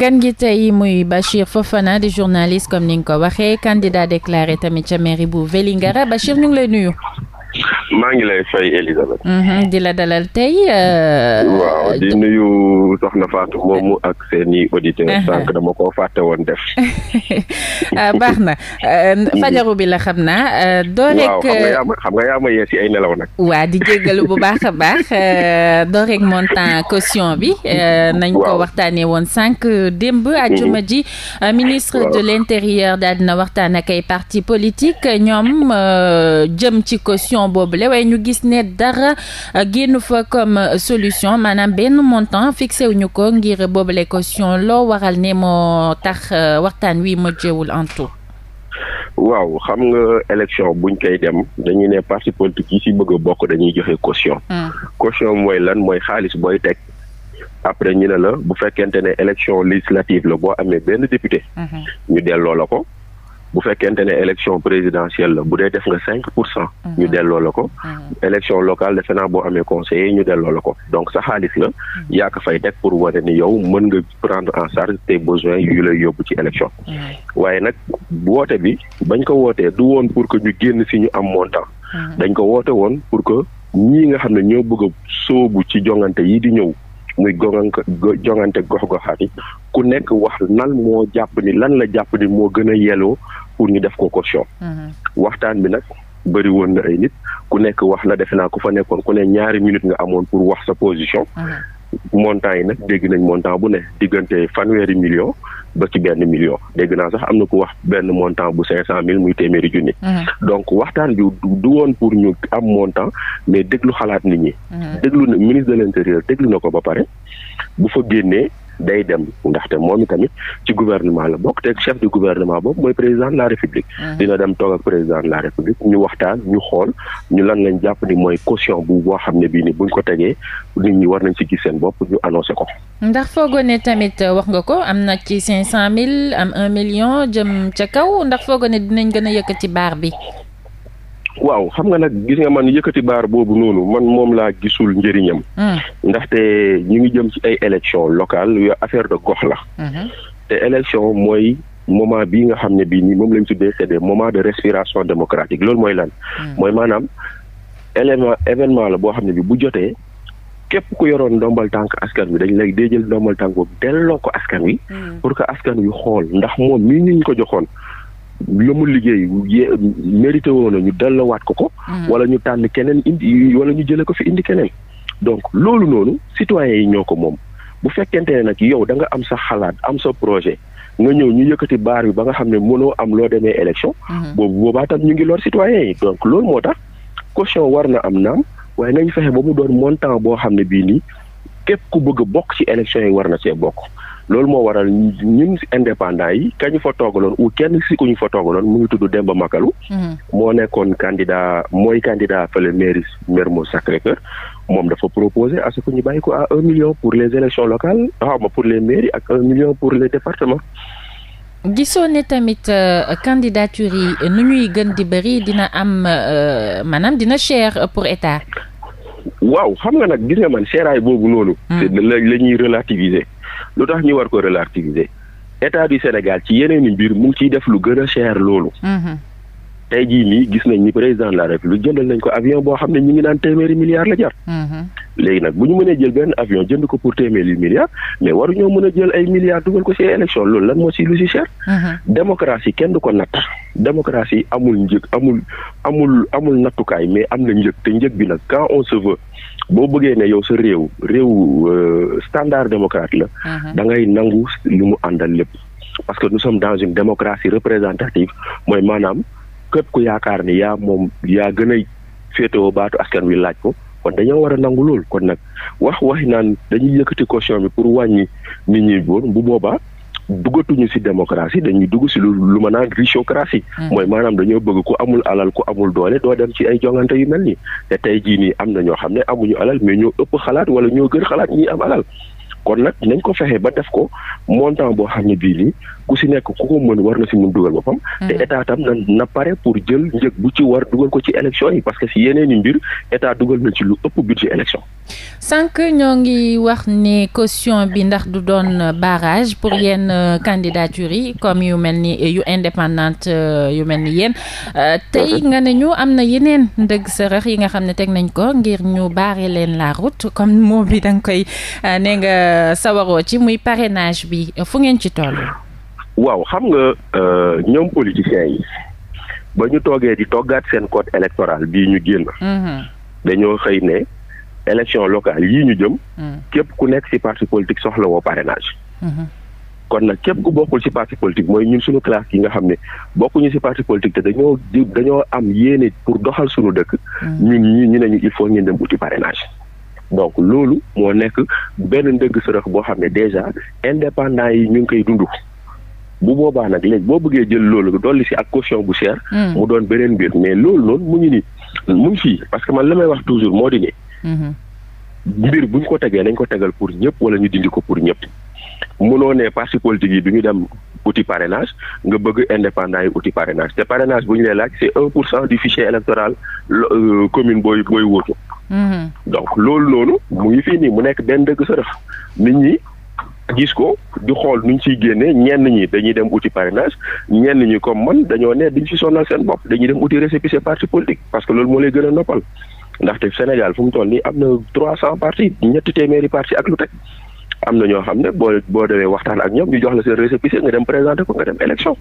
gan gi tey muy Bachir Fofana di journaliste comme ni nga ko waxee candidat déclaré tamit ca mairie bu Vélingara Bachir ñu ngi lay nuyu maa ngi lay fay Elisabeth. Mhm, di la dalal tey. Euh, waaw di nuyu soxna Fatou moomu ak seen i auditeurs. Mhm. dama koo fàtte woon def. Euh, baax na euh, fajaru bi la xam naa. doo rek xam nga yaa ma yee ay nelaw nag. waa di jéggalu bu baax a baax doo rek montant caution bi. nañ ko waxtaanee woon sànq démb. Mhm. àjjuma ji ministre de l' intérieur waxtaan ak ay parti politique ñoom jëm ci caution. solution boobule waaye ñu gis ne dara euh, génn fa comme euh, solution maanaam benn montant fixé wuñu ko ngir boobule caution loo waral ne moo tax euh, waxtaan wi mujjewul en tout. waaw xam nga élection buñ koy dem dañuy ne parti politique yi ci bëgg bokk dañuy joxe caution. Hmm. caution mooy lan mooy xaalis booy teg. après ñu ne la bu fekkente ne élection législative la boo amee benn député. Hmm. ñu delloo la ko. bu fekkente ne élection présidentielle la bu dee def nga cinq pour cent ñu mhm. delloo la ko mhm. élection locale defe naa boo amee conseiller ñu delloo la ko donc sa xaalis la mhm. yaa ko fay teg pour wane ni yow mën nga prendre en charge te besoins yu lay yóbbu ci élection waaye nag woote bi bañ ko wootee du woon pour que ñu génn si ñu am montant dañ ko woote woon pour que ñii nga xam ne ñoo bëgg soobu ci jongante yi di ñëw muy gogank jongante gox-goxaat ku nekk wax nan moo jàpp ni lan la jàpp ni moo gën a yelloo pour ñu def ko caution mhm. waxtaan bi nag bëri woon na ay nit ku nekk wax na defe naa ko fa nekkoon ku ne ñaari minute nga amoon pour wax sa position mhm. montant yi nag dégg nañ montant bu ne diggante fanweeri million ba ci benn million dégg naa sax am na ku wax benn montant bu cinq cent mille muy téeméeri junni mhm. donc waxtaan bi du woon pour ñu am montant mais déglu xalaat nit ñi mhm. déglu na ministre de l'intérieur déglu na ko ba pare bu fa génnee day dem ndaxte moom itamit ci gouvernement la bokk te chef du gouvernement boobu mooy président de la république. Mhm. dina dem toog ak président de la république ñu waxtaan ñu xool ñu lan lañ jàpp ni mooy caution bu boo xam ne bii ni buñ ko tegee nit ñi war nañ ci gis seen bopp ñu annoncé ko. ndax foogoo ne tamit euh, wax nga ko am na ci cinq cent mille am un million jëm ca kaw ndax foogoo ne dinañ gën a yëkk ci baar bi. waaw xam nga nag gis nga man yëkkati baar boobu noonu man moom laa gisul njëriñam. Hmm. ndaxte ñu ngi jëm ci ay élection locale yo affaire de gox la. Hmm. te élection mooy moment bii nga xam ne bii nii moom lañ tuddee c'est des moments de respiration démocratique loolu mooy lan. Hmm. mooy maanaam élément événement la boo xam ne bi bu jotee. képp ku yoroon ndombal tànk askan wi dañ lay dee jël ndombal tànk boobu delloo ko askan wi. pour que askan wi xool ndax moom mii ñu ko joxoon lu mu liggéey yé mérité woon na ñu dellowaat ko ko. Mm-hmm. wala ñu tànn keneen indi wala ñu jëlee ko fi indi keneen. donc loolu noonu citoyens yi ñoo ko moom bu fekkente ne nag yow da nga am sa xalaat am sa projet nga ñëw ñu yëkkati baar bi ba nga xam ne mënoo am loo demee élection. Mm-hmm. boobu boobaa tam ñu ngi lool citoyens yi donc loolu moo tax caution war na am naam waaye nañ fexe ba mu doon montant boo xam ne bii nii képp ku bëgg bokk ci élection yi war na see bokk. loolu moo waral ñun si indépendant yi kañu fa toogaloon ou kenn si ku ñu fa toogaloon mu ngi tudd Demba Makalu. Mhm. moo nekkoon candidat mooy candidat fële mairie Mermoz Sacré-Cœur moom dafa proposé à ce que ñu bàyyi ko à un million pour les élections locales xaw ah, ma pour les mairies ak un million pour les départements. gisoo ne tamit euh, candidature yi nu ñuy gën di bëri dina am euh, maanaam dina cher pour état. waaw xam nga nag gis nga man seeraay boobu noonu. Hmm. la la ñuy lu tax ñu war ko relativiser état du Sénégal ci yeneen i mbir mu ngi ciy def lu gën a cher loolu. Mhm. tey jii nii gis nañ ni président la république jëndal nañ ko avion boo xam ne ñu ngi naan téeméeri milliards la jar. Mhm. léegi nag bu ñu mënee jël benn avion jënd ko pour téeméeri milliards mais waruñoo mën a jël ay milliards dugal ko ci élection loolu lan moo ci lu ci cher. Mhm. démocratie kenn du ko natt. démocratie amul njëg amul amul amul nattukaay mais am na njëg te njëg bi nag quand on se boo bëggee ne yow sa réew réew euh, standard démocrate la. Mhm. da ngay nangu lu mu àndal lépp. parce que nous sommes dans une démocratie représentative mooy maanaam képp ku yaakaar ni yaa moom yaa gën a féetewoo baatu askan wi laaj ko. kon dañoo war a nangu lool kon nag wax waxi naan dañuy yëkkati caution bi pour wàññi nit ñi woon bu boobaa duggatuñu ci démocratie dañuy dugg ci lu lu ma naan richocratie hmm. mooy maanaam dañoo bëgg ku amul alal ku amul doole doo dem ci ay jongante yu mel nii te tey jii nii am na ñoo xam ne amuñu alal mais ñoo ëpp xalaat wala ñoo gën xalaat ñi am alal kon nag nañ ko fexe ba def ko montant boo xam ne bii nii ku si nekk ku ko mën war na si mun dugal boppam. te mhm. état tam na pare pour jël njëg bu ci war dugal ko ci élection yi parce que si yeneen i mbir état dugal na ci lu ëpp budget élection. sànq ñoo ngi wax ni caution bi ndax du doon barrage pour yenn euh, candidature yi kom yu mel ni yu indépendante euh, yu mel ni yéen euh, tey mhm. nga ne ñu am na yeneen ndëgg sërëx yi nga xam ne teg nañ ko ngir ñu baare leen la route comme moo bi da koy ne nga sawaroo ci muy parrainage bi fu ngeen ci toll. waaw xam nga euh, ñoom politiciens yi ba ñu toogee di toggaat seen code électoral bii ñu génn. Mhm. dañoo xëy ne élection locale yii ñu jëm. Mhm. képp ku nekk ci parti politique soxla woo parenage mhm. kon nag képp ku bokkul ci parti politique mooy ñun suñu classe yi nga xam ne bokkuñu ci parti politique te dañoo dañoo am yéene pour doxal suñu dëkk. ñun ñi ñu nañu il faut ñu dem uti parrainage. donc loolu moo nekk benn ndëgg sërëx boo xam ne déjà indépendant yi ñu ngi koy dund. bu boobaa nag léegi boo bëggee jël loolu dolli si ak caution bu cher. Mm. mu doon beneen mbir mais loolu noonu mu ngi mu ngi fii parce que man la may wax toujours moo di ne. Mm-hmm. mbir bu ñu ko tegee nañ ko tegal pour ñëpp wala ñu dindi ko pour ñëpp. mënoo ne parti politique du ñu dem outil parrainage nga bëgg indépendant yi outil parrainage te parrainage bu ñu lay laaj c'est un pour cent du fichier électoral euh, commune booy booy wóotu. Mm-hmm. donc loolu noonu mu ngi nii mu nekk benn dëgg sa def nit ñi. gis ko di xool ñu ciy génnee ñenn ñi dañuy dem uti parrainage ñenn ñi comme man dañoo ne dañ ci sonal seen bopp dañuy dem uti récépissé parti politique parce que loolu moo lay gën a noppal ndaxte Sénégal fu mu toll ni am na trois cent parti ñetti téeméeri parti ak lu teg am na ñoo xam ne boo boo demee waxtaan ak ñoom ñu jox la seen récépissé nga dem présenté ko nga dem élection.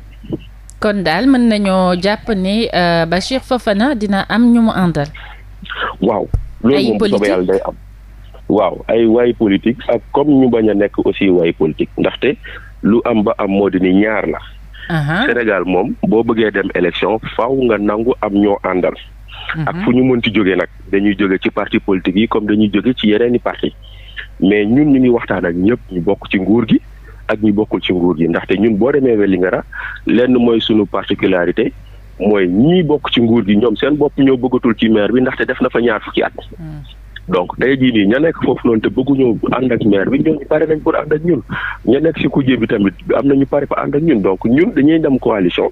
kon daal mën nañoo jàpp ni ba euh, Bachir Fofana dina am ñu mu àndal. waaw loolu yàlla day am. waaw ay waay politique ak comme ñu bañ a nekk aussi waay politique ndaxte lu am ba am moo di ni ñaar la. Sénégal moom boo bëggee dem élection faw nga nangu am ñoo àndal. ak mhm. fu ñu mënti jógee nag dañuy jóge ci parti politique yi comme dañuy jógee ci yeneeni parti mais ñun ñu ngi waxtaan ak ñëpp ñu bokk ci nguur gi ak ñu bokkul ci nguur gi ndaxte ñun boo demee Vélingara lenn mooy sunu particularité mooy ñuy bokk ci nguur gi ñoom seen bopp ñoo bëggatul ci maire bi ndaxte def na fa ñaar fukki at. Mhm. donc tey jii nii ña nekk foofu noonu te bëgguñu ànd ak maire bi ñooñu pare nañ pour ànd ak ñun ña nekk si kujje bi tamit am nañu pare pour ànd ak ñun donc ñun dañuy dem coalition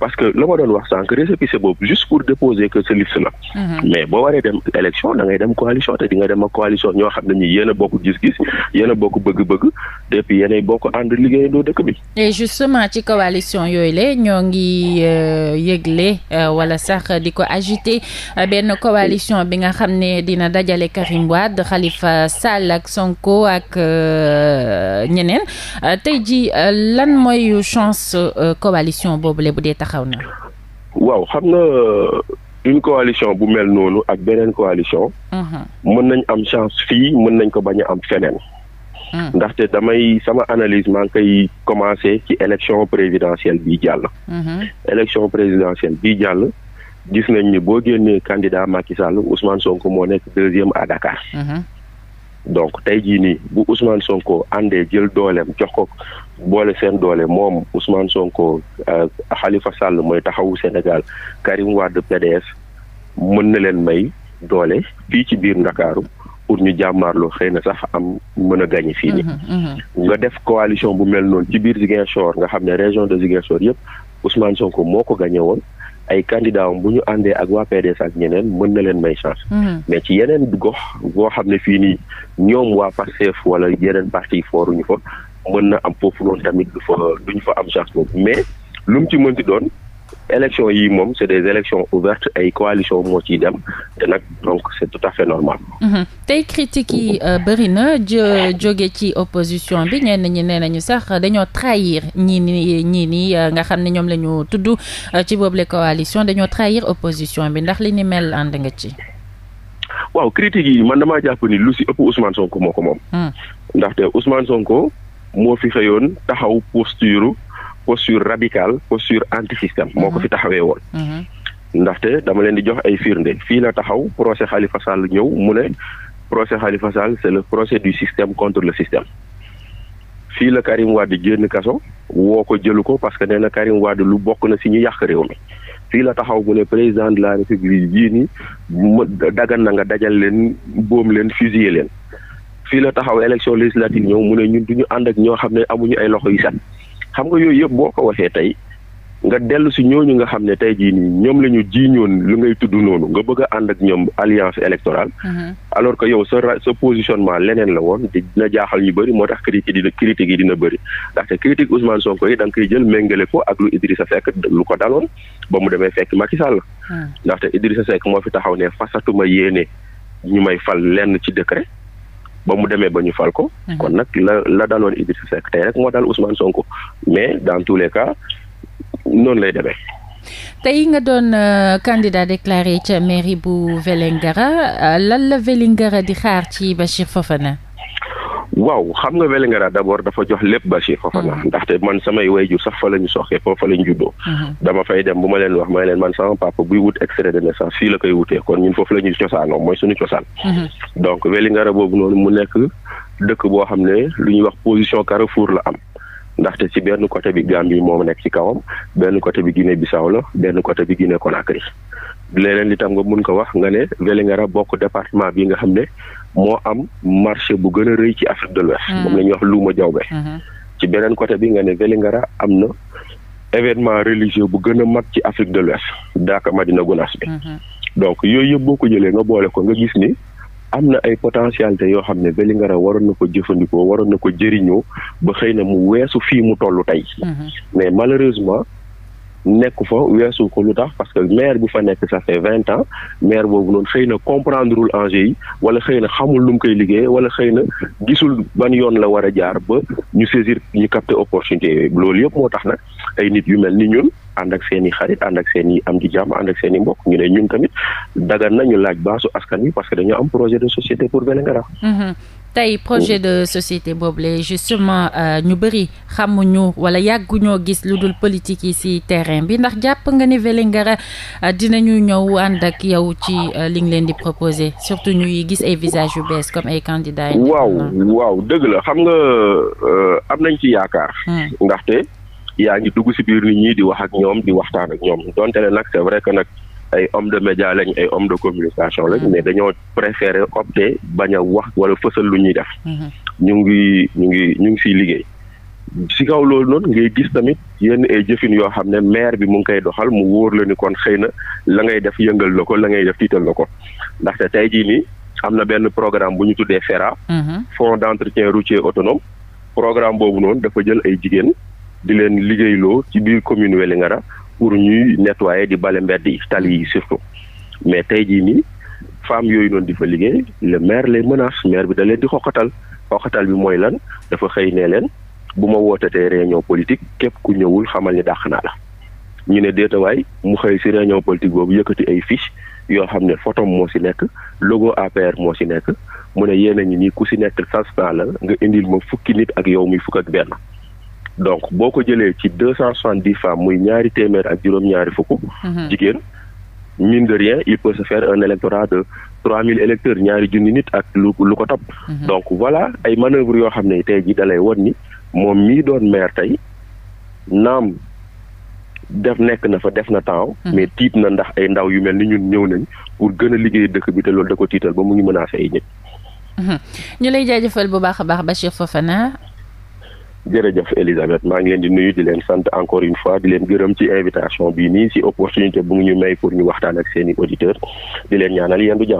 parce que la ma doon wax sànq récépissé boobu juste pour déposer que sa liste la mhm. mais boo waree dem élection da ngay dem coalition te di nga dem coalition ñoo xam ne ñi yéen bokk gis-gis yéen bokk bëgg-bëgg et puis bokk ànd liggéeyandoo dëkk bi et justement ci euh, euh, di ko euh, Karim Wade Khalifa Sall ak Sonko ak euh, ñeneen euh, tey ji euh, lan mooy chance coalition boobule bu dee taxaw na. waaw xam nga une coalition bu mel noonu ak beneen coalition. Uh-huh. mën nañ am chance fii mën nañ ko bañ a am feneen. Uh-huh. ndaxte damay sama analyse maa ngi koy commencé ci élection présidentielle bii jàll. Uh-huh. élection présidentielle bii jàll. gis nañ ni boo génnee candidat Macky sàll Ousmane Sonko moo nekk deuxième a Dakar. Mhm. donc tey jii nii bu Ousmane Sonko àndee jël dooleem jox ko boole seen doole moom Ousmane Sonko xalifa euh, sàll mooy taxawu Sénégal Karim Wade PDS mën na leen may doole fii ci biir Ndakaaru pour ñu jàmmaarloo xëy na sax am mën a gagné fii nii. Mhm, mhm. nga def coalition bu mel noonu ci biir Ziguinchor nga xam ne région de Ziguinchor yëpp Ousmane Sonko moo ko gagné woon. ay candidat am bu ñu àndee ak waa PDS ak ñeneen mën na leen may chance. Hmm. mais ci yeneen gox boo xam ne fii nii ñoom waa Pastef wala yeneen foo ruñu fa mën na am foofu lool tamit du fa duñu fa am chance boobu mais lu mu ci mënti doon. élection yi moom c' est des élections ouvertes ay coalition moo ciy dem te nag donc c' tout à fait normal. Mhm. tey critiques yi euh, bëri na joge ci opposition bi ñenn ñi nee nañu sax dañoo trahir ñii nii ñii nii euh, nga xam ne ñoom la tudd euh, ci boobule coalition dañoo trahir opposition bi ndax li ni mel ànd nga ci. waaw critiques yi man damaa jàpp ni lu si ëpp Ousmane Sonko moo ko moom. Hmm. ndaxte Ousmane Sonko moo fi xëyoon taxaw posture. posture radicale posture antisystème moo ko fi mhm. taxawee woon mhm. ndaxte dama leen di jox ay firnde fii la taxaw procès Khalifa Sall ñëw mu ne procès Khalifa Sall c'est le procès du système contre le système fii la Karim Wade génn kaso woo ko jëlu ko parce que nee na Karim Wade lu bokk na si ñu yàq réew mi fii la taxaw mu ne président de la république jii ni dagan na nga dajal leen boom leen fusiller leen fii la taxaw élection législative ñëw mu ne ñun du ñu ànd ñoo xam ne amuñu ay loxo yu set xam nga yooyu yëpp boo ko waxee tey nga dellu si ñooñu nga xam ne tey jii nii ñoom la ñu jiiñoon lu ngay tudd noonu nga bëgg a ànd ak ñoom alliance électorale. Mhm. alors que yow sa sa positionnement leneen la woon di na jaaxal ñu bari moo tax critique dina critique yi dina bëri ndaxte critique Ousmane Sonko yi da nga koy jël méngale ko ak lu Idrissa Seck lu ko daloon ba mu demee fekk Macky Sall. Ah. ndaxte Idrissa Seck moo fi taxaw ne fasatuma yéene ñu may fal lenn ci décret. ba mu demee ba ñu fal ko. Mhm. kon nag la la daloon Idrissa Seck tey rek moo dal Ousmane Sonko mais dans tous les cas noonu lay demee. tey nga doon euh, candidat déclaré ca mairie bu Vélingara euh, lan la Vélingara di xaar ci Bachir Fofana. waaw xam nga Vélingara d'abord dafa jox lépp Bachir Fofana mm-hmm. ndaxte man samay jur sax fa la ñu soxee foofu fa la ñu juddoo mm-hmm. dama fay dem bu ma leen wax may leen man sama papa buy wut extrait de naissance fii la koy wutee kon ñun foofu la ñuy cosaanoo mooy suñu cosaan mm-hmm. donc Vélingara boobu noonu mu nekk dëkk boo xam ne lu ñuy wax position carrefour la am ndaxte ci benn côté bi Gambie moo nekk ci kawam benn côté bi Guinée Bissau la benn côté bi Guinée Conakry leneen li tam nga mun ko wax nga ne Vélingara bokk département bi nga xam ne moo am marché bu gën a rëy ci Afrique de l'Ouest hmm. moom la ñuy wax luuma jawbe hmm. ci beneen côté bi nga ne Vélingara am na événement religieux bu gën a mag ci Afrique de l'Ouest daaka Madina Gounass bi hmm. donc yooyu yëpp boo ko jëlee nga boole ko nga gis ni am na ay potentialité yoo xam ne Vélingara waroon na ko jëfandikoo waroon na ko jëriñoo ba xëy na mu weesu fii mu toll tey mais malheureusement nekku fa weesu ko lu tax parce que maire bu fa nekk ça fait vingt ans maire boobu noonu xëy na comprendrewul enjeu yi wala xëy na xamul lu mu koy liggéey wala xëy na gisul ba ban yoon la war a jaar ba ñu saisir ñu capter opportunité loolu yëpp moo tax nag ay nit yu mel ni ñun. ànd ak seen xarit ànd ak seen am di jàmm ànd ak seen mbokk ñu ne ñun tamit dagan nañu laaj baasu askan wi parce que dañoo am projet de société pour Vélingara mhm. tey projet de société boobule justement euh, ñu bëri xamuñu wala yàgguñoo gis lu dul politique yi ci terrain bi ndax jàpp nga ni Vélingara euh, ñu ñëw ànd ak yow ci euh, li nga leen di proposer surtout ñuy gis ay visage yu bees comme ay candidats yi. waaw waaw dëgg la xam nga am nañ ci yaakaar. Hmm. ndaxte. yaa ngi dugg si biir nit ñi di wax ak ñoom di waxtaan ak ñoom donte ne nag c'est vrai que nag ay homme de média lañ ay homme de communication lañ mm-hmm. mais dañoo préféré opter bañ a wax wala fësal lu ñuy def. Mm-hmm. ñu ngi ñu ngi ñu ngi siy liggéey. si kaw loolu noonu ngay gis tamit yenn ay jëfin yoo xam ne maire bi mu ngi koy doxal mu wóor la ni kon xëy na la ngay def yëngal la ko la ngay def tiital la ko ndaxte tey ji nii am na benn programme bu ñu tuddee FERA. Mm-hmm. Fonds d'entretien routier autonome programme boobu noonu dafa jël ay jigéen di leen liggéeyloo ci biir commune Vélingara pour ñuy nettoyer di bale mbedd yi tali yi surtout mais tey jii nii femmes yooyu noonu di fa liggéey le maire les menace maire bi da leen di xoqatal xoqatal bi mooy lan dafa xëy ne leen bu ma wootatee réunion politique képp ku ñëwul xamal ni dàq naa la ñu ne déetawaay mu xëy si réunion politique boobu yëkkati ay fiche yoo xam ne photo moo si nekk logo APR moo si nekk mu ne yéen a ngi nii ku si nekk sas naa nga indil ma fukki nit ak yow muy fukk ak benn donc boo ko jëlee ci deux cent soixante dix femmes muy ñaari téeméer ak juróom-ñaari fukk. Mhm. jigéen mine de rien il peut se faire un électorat de trois mille électeurs ñaari junni nit ak lu lu ko topp. Mhm. donc voilà ay manœuvres yoo xam ne tey jii da lay won ni moom mii doon maire tey naam def nekk na fa def na temps. Mhm. mais tiit na ndax ay ndaw yu mel ni ñun ñëw nañ pour gën a liggéey dëkk bi te loolu da ko tiital ba mu ngi menacé ay ñëpp. ñu lay jaajëfal bu baax a baax Bachir Fofana. jërëjëf Elisabeth maa ngi leen di nuyu di leen sant encore une fois di leen gërëm ci invitation bi ni si opportunité bu ñu may pour ñu waxtaan ak seen i auditeurs di leen ñaanal yéen du